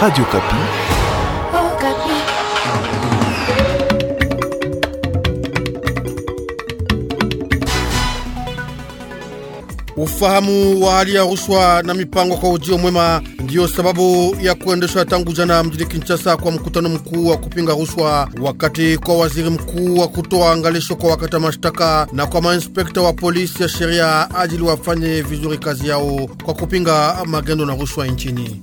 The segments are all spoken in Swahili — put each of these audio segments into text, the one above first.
Radio Kapi. Oh, Kapi. Ufahamu wa hali ya rushwa na mipango kwa ujio mwema ndiyo sababu ya kuendeshwa tangu jana mjini Kinshasa kwa mkutano mkuu wa kupinga rushwa, wakati kwa waziri mkuu wa kutoa angalisho kwa wakata mashtaka na kwa mainspekta wa polisi ya sheria ajili wafanye vizuri kazi yao kwa kupinga magendo na rushwa nchini.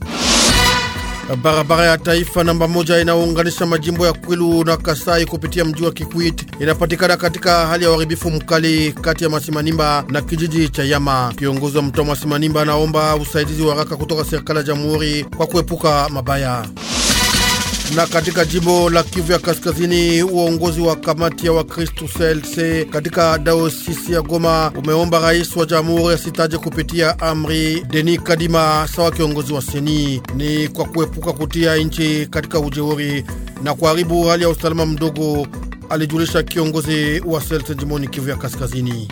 Barabara ya taifa namba moja inaunganisha majimbo ya Kwilu na Kasai kupitia mji wa Kikwit inapatikana katika hali ya uharibifu mkali kati ya Masimanimba na kijiji cha Yama. Kiongozi wa mtoa Masimanimba anaomba usaidizi wa haraka kutoka serikali ya jamhuri kwa kuepuka mabaya. Na katika jimbo la Kivu ya Kaskazini, uongozi wa kamati ya Wakristu CLC katika daosisi ya Goma umeomba rais wa jamhuri asitaje kupitia amri Denis Kadima sawa kiongozi wa seni, ni kwa kuepuka kutia nchi katika ujeuri na kuharibu hali ya usalama mdogo, alijulisha kiongozi wa CLC jimboni Kivu ya Kaskazini.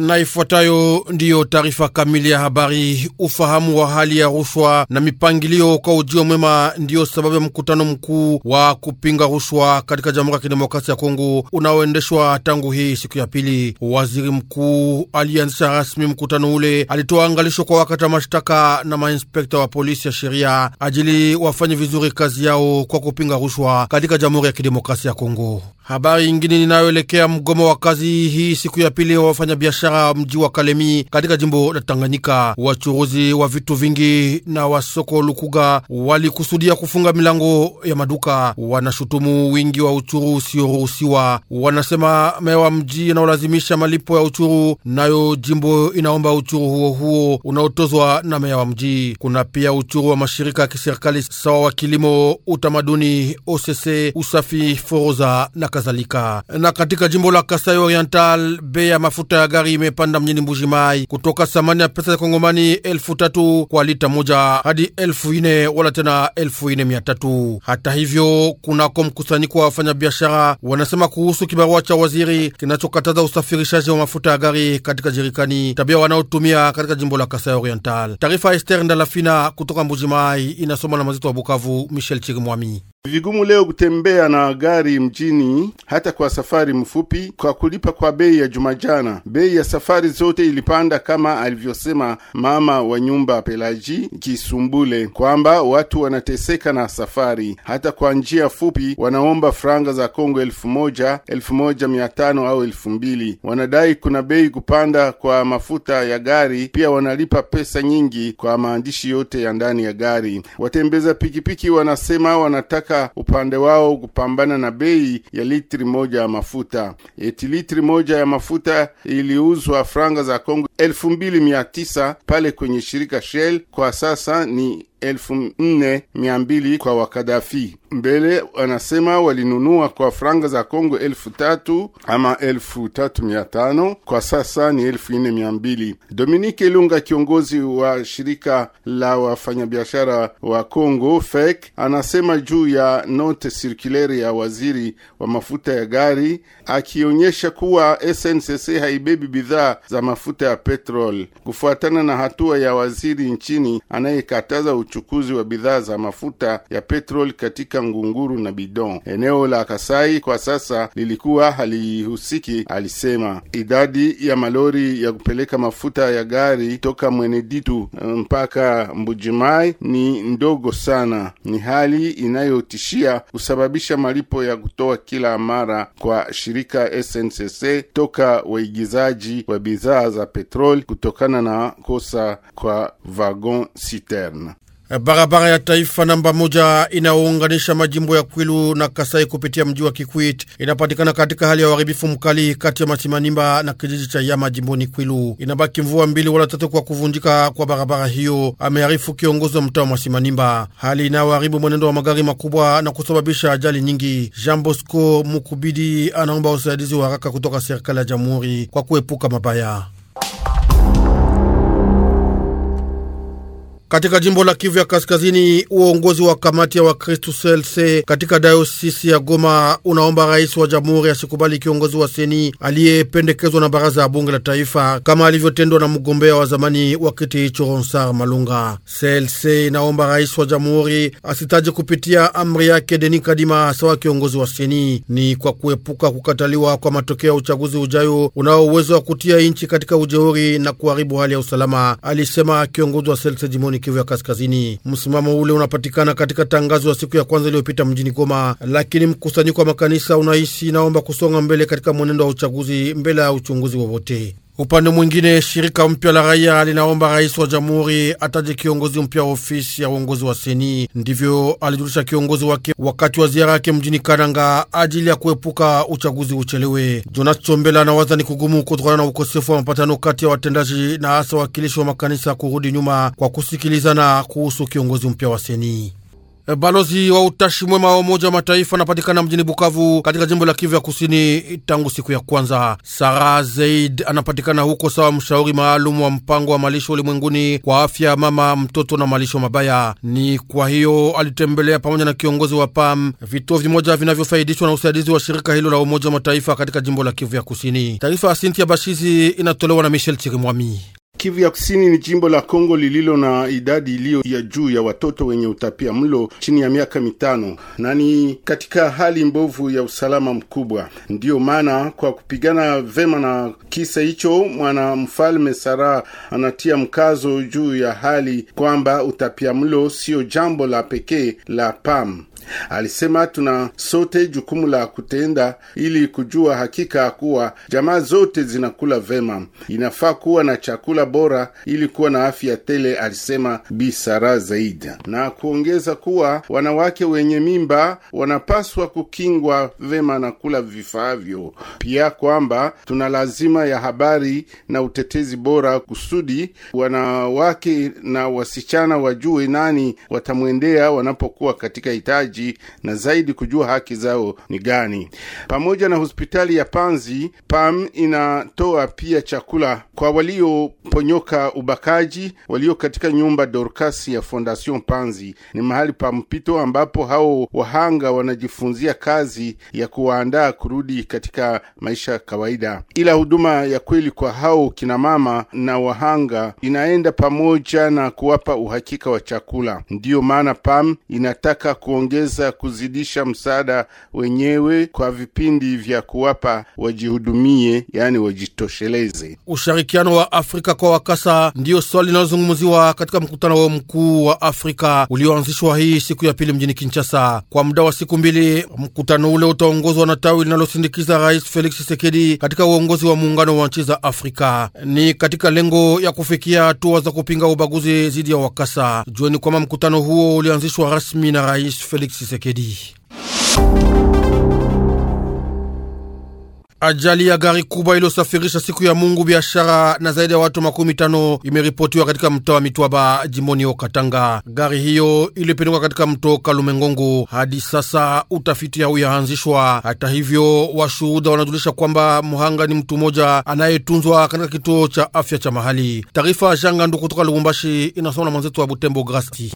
na ifuatayo ndiyo taarifa kamili ya habari. Ufahamu wa hali ya rushwa na mipangilio kwa ujio mwema ndiyo sababu ya mkutano mkuu wa kupinga rushwa katika Jamhuri ya Kidemokrasia ya Kongo unaoendeshwa tangu hii siku ya pili. Waziri mkuu alianzisha rasmi mkutano ule, alitoa angalisho kwa wakati wa mashtaka na mainspekta wa polisi ya sheria ajili wafanye vizuri kazi yao kwa kupinga rushwa katika Jamhuri ya Kidemokrasia ya Kongo. Habari ingine ninayoelekea mgomo wa kazi hii siku ya pili wa wafanyabiashara mji wa Kalemi katika jimbo la Tanganyika. Wachuruzi wa vitu vingi na wasoko Lukuga walikusudia kufunga milango ya maduka. Wanashutumu wingi wa uchuru usioruhusiwa. Wanasema meya wa mji inaolazimisha malipo ya uchuru, nayo jimbo inaomba uchuru huo huo unaotozwa na meya wa mji. Kuna pia uchuru wa mashirika ya kiserikali sawa wa kilimo, utamaduni, osese, usafi, foroza na kadhalika. Na katika jimbo la Kasai Oriental, bei ya mafuta ya gari imepanda mjini Mbujimai kutoka thamani ya pesa za kongomani elfu tatu kwa lita moja hadi elfu ine wala tena elfu ine mia tatu. Hata hivyo, kunako mkusanyiko wa wafanyabiashara wanasema kuhusu kibarua cha waziri kinachokataza usafirishaji wa mafuta ya gari katika jirikani, tabia wanaotumia katika jimbo la Kasai Oriental. Taarifa Ester Ndalafina kutoka Mbujimai inasoma na mazito wa Bukavu, Michel Chirimwami. Vigumu leo kutembea na gari mjini ndani, hata kwa safari mfupi, kwa kulipa kwa bei ya Jumajana. Bei ya safari zote ilipanda kama alivyosema mama wa nyumba Pelaji Kisumbule kwamba watu wanateseka na safari, hata kwa njia fupi wanaomba franga za Kongo elfu moja, elfu moja mia tano au elfu mbili. Wanadai kuna bei kupanda kwa mafuta ya gari, pia wanalipa pesa nyingi kwa maandishi yote ya ndani ya gari. Watembeza pikipiki wanasema wanataka upande wao kupambana na bei ya litri moja ya mafuta. Eti litri moja ya mafuta iliuzwa franga za Kongo elfu mbili mia tisa pale kwenye shirika Shell, kwa sasa ni elfu nne mia mbili kwa wakadafi. Mbele wanasema walinunua kwa franga za Kongo elfu tatu ama elfu tatu mia tano kwa sasa ni elfu nne mia mbili. Dominike Lunga, kiongozi wa shirika la wafanyabiashara wa Kongo FEC, anasema juu ya note sirkulere ya waziri wa mafuta ya gari, akionyesha kuwa SNCC haibebi bidhaa za mafuta ya petrol kufuatana na hatua ya waziri nchini anayekataza uchukuzi wa bidhaa za mafuta ya petrol katika ngunguru na bidon. Eneo la Kasai kwa sasa lilikuwa halihusiki, alisema. Idadi ya malori ya kupeleka mafuta ya gari toka Mweneditu eh, mpaka Mbujimai ni ndogo sana. Ni hali inayotishia kusababisha malipo ya kutoa kila mara kwa shirika SNCC toka waigizaji wa bidhaa za petrol kutokana na kosa kwa vagon citerne. Eh, barabara ya taifa namba moja inaounganisha majimbo ya Kwilu na Kasai kupitia mji wa Kikwit inapatikana katika hali ya uharibifu mkali kati ya Masimanimba na kijiji cha Yama jimboni Kwilu. Inabaki mvua mbili wala tatu kwa kuvunjika kwa barabara hiyo, amearifu kiongozi wa mtaa wa Masimanimba, hali inayoharibu mwenendo wa magari makubwa na kusababisha ajali nyingi. Jean Bosco Mukubidi anaomba usaidizi wa haraka kutoka serikali ya jamhuri kwa kuepuka mabaya. Katika jimbo la Kivu ya Kaskazini, uongozi wa kamati ya Wakristu CLC katika dayosisi ya Goma unaomba rais wa jamhuri asikubali kiongozi wa seni aliyependekezwa na baraza ya bunge la taifa kama alivyotendwa na mgombea wa zamani wa kiti hicho Ronsar Malunga. CLC inaomba rais wa jamhuri asitaje kupitia amri yake Deni Kadima sawa kiongozi wa seni, ni kwa kuepuka kukataliwa kwa matokeo ya uchaguzi ujayo unao uwezo wa kutia nchi katika ujeuri na kuharibu hali ya usalama, alisema kiongozi wa CLC jimoni Kivu ya Kaskazini. Msimamo ule unapatikana katika tangazo ya siku ya kwanza iliyopita mjini Goma, lakini mkusanyiko wa makanisa unaishi naomba kusonga mbele katika mwenendo wa uchaguzi mbele ya uchunguzi wowote. Upande mwingine, shirika mpya la raia linaomba rais wa jamhuri ataje kiongozi mpya wa ofisi ya uongozi wa seni. Ndivyo alijulisha kiongozi wake wakati wa ziara yake mjini Kananga ajili ya kuepuka uchaguzi uchelewe. Jonas Chombela anawaza ni kugumu kutokana na ukosefu wa mapatano kati ya watendaji na hasa wakilishi wa makanisa kurudi nyuma kwa kusikilizana kuhusu kiongozi mpya wa seni. Eh, balozi wa utashi mwema wa Umoja wa Mataifa anapatikana mjini Bukavu katika jimbo la Kivu ya Kusini tangu siku ya kwanza. Sara Zeid anapatikana huko sawa mshauri maalum wa mpango wa malisho ulimwenguni kwa afya ya mama, mtoto na malisho mabaya. Ni kwa hiyo alitembelea pamoja na kiongozi wa PAM vituo vimoja vinavyofaidishwa na usaidizi wa shirika hilo la Umoja wa Mataifa katika jimbo la Kivu ya Kusini. Taarifa ya Sintia Bashizi inatolewa na Michel Chirimwami. Kivu ya Kusini ni jimbo la Kongo lililo na idadi iliyo ya juu ya watoto wenye utapia mlo chini ya miaka mitano na ni katika hali mbovu ya usalama mkubwa. Ndiyo maana kwa kupigana vema na kisa hicho, mwanamfalme Sara anatia mkazo juu ya hali kwamba utapia mlo sio jambo la pekee la PAM. Alisema tuna sote jukumu la kutenda ili kujua hakika kuwa jamaa zote zinakula vema, inafaa kuwa na chakula bora ili kuwa na afya tele, alisema Bisara Zaidi, na kuongeza kuwa wanawake wenye mimba wanapaswa kukingwa vema na kula vifaavyo, pia kwamba tuna lazima ya habari na utetezi bora kusudi wanawake na wasichana wajue nani watamwendea wanapokuwa katika hitaji wenyeji na zaidi kujua haki zao ni gani. Pamoja na hospitali ya Panzi, PAM inatoa pia chakula kwa walioponyoka ubakaji walio katika nyumba Dorkasi ya Fondation Panzi. Ni mahali pa mpito ambapo hao wahanga wanajifunzia kazi ya kuwaandaa kurudi katika maisha kawaida, ila huduma ya kweli kwa hao kinamama na wahanga inaenda pamoja na kuwapa uhakika wa chakula. Ndiyo maana PAM inataka kuongea kuongeza kuzidisha msaada wenyewe kwa vipindi vya kuwapa wajihudumie, yani wajitosheleze. Ushirikiano wa Afrika kwa wakasa ndiyo swali linalozungumziwa katika mkutano wa mkuu wa Afrika ulioanzishwa hii siku ya pili mjini Kinshasa kwa muda wa siku mbili. Mkutano ule utaongozwa na tawi linalosindikiza Rais Felix Tshisekedi katika uongozi wa muungano wa nchi za Afrika, ni katika lengo ya kufikia hatua za kupinga ubaguzi dhidi ya wakasa. Jueni kwamba mkutano huo ulianzishwa rasmi na Rais Felix Félix Tshisekedi. Ajali ya gari kubwa iliyosafirisha siku ya Mungu biashara na zaidi ya watu makumi tano imeripotiwa katika mtaa wa Mitwaba jimboni ya Katanga. Gari hiyo ilipinduka katika mto Kalumengongo. Hadi sasa utafiti hauyaanzishwa. Hata hivyo, washuhuda wanajulisha kwamba mhanga ni mtu mmoja anayetunzwa katika kituo cha afya cha mahali. Taarifa ya Jangandu kutoka Lubumbashi inasoma na mwenzetu wa Butembo Grasti.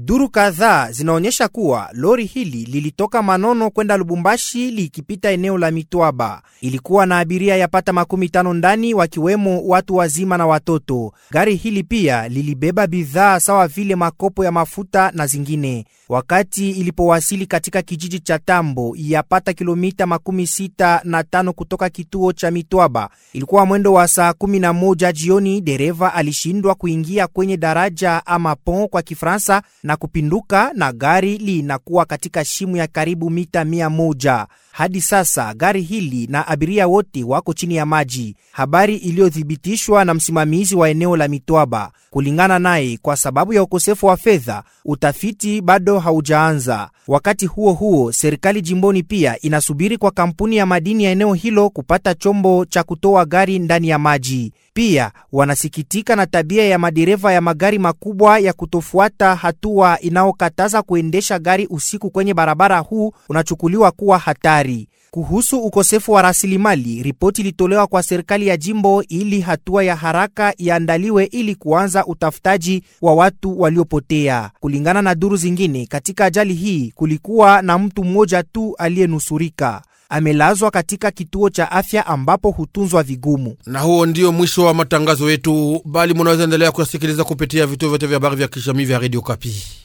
Duru kadhaa zinaonyesha kuwa lori hili lilitoka Manono kwenda Lubumbashi likipita eneo la Mitwaba. Ilikuwa na abiria yapata makumi tano ndani, wakiwemo watu wazima na watoto. Gari hili pia lilibeba bidhaa sawa vile makopo ya mafuta na zingine. Wakati ilipowasili katika kijiji cha Tambo, yapata kilomita makumi sita na tano kutoka kituo cha Mitwaba, ilikuwa mwendo wa saa kumi na moja jioni, dereva alishindwa kuingia kwenye daraja ama pont kwa Kifaransa na kupinduka na gari linakuwa katika shimo ya karibu mita mia moja. Hadi sasa gari hili na abiria wote wako chini ya maji, habari iliyothibitishwa na msimamizi wa eneo la Mitwaba. Kulingana naye, kwa sababu ya ukosefu wa fedha, utafiti bado haujaanza. Wakati huo huo, serikali jimboni pia inasubiri kwa kampuni ya madini ya eneo hilo kupata chombo cha kutoa gari ndani ya maji. Pia wanasikitika na tabia ya madereva ya magari makubwa ya kutofuata hatua inayokataza kuendesha gari usiku kwenye barabara huu unachukuliwa kuwa hatari bandari. Kuhusu ukosefu wa rasilimali, ripoti ilitolewa kwa serikali ya jimbo ili hatua ya haraka iandaliwe ili kuanza utafutaji wa watu waliopotea. Kulingana na duru zingine, katika ajali hii kulikuwa na mtu mmoja tu aliyenusurika amelazwa katika kituo cha afya ambapo hutunzwa vigumu. Na huo ndio mwisho wa matangazo yetu, bali munaweza endelea kuyasikiliza kupitia vituo vyote vya habari vya kijamii vya redio Kapi.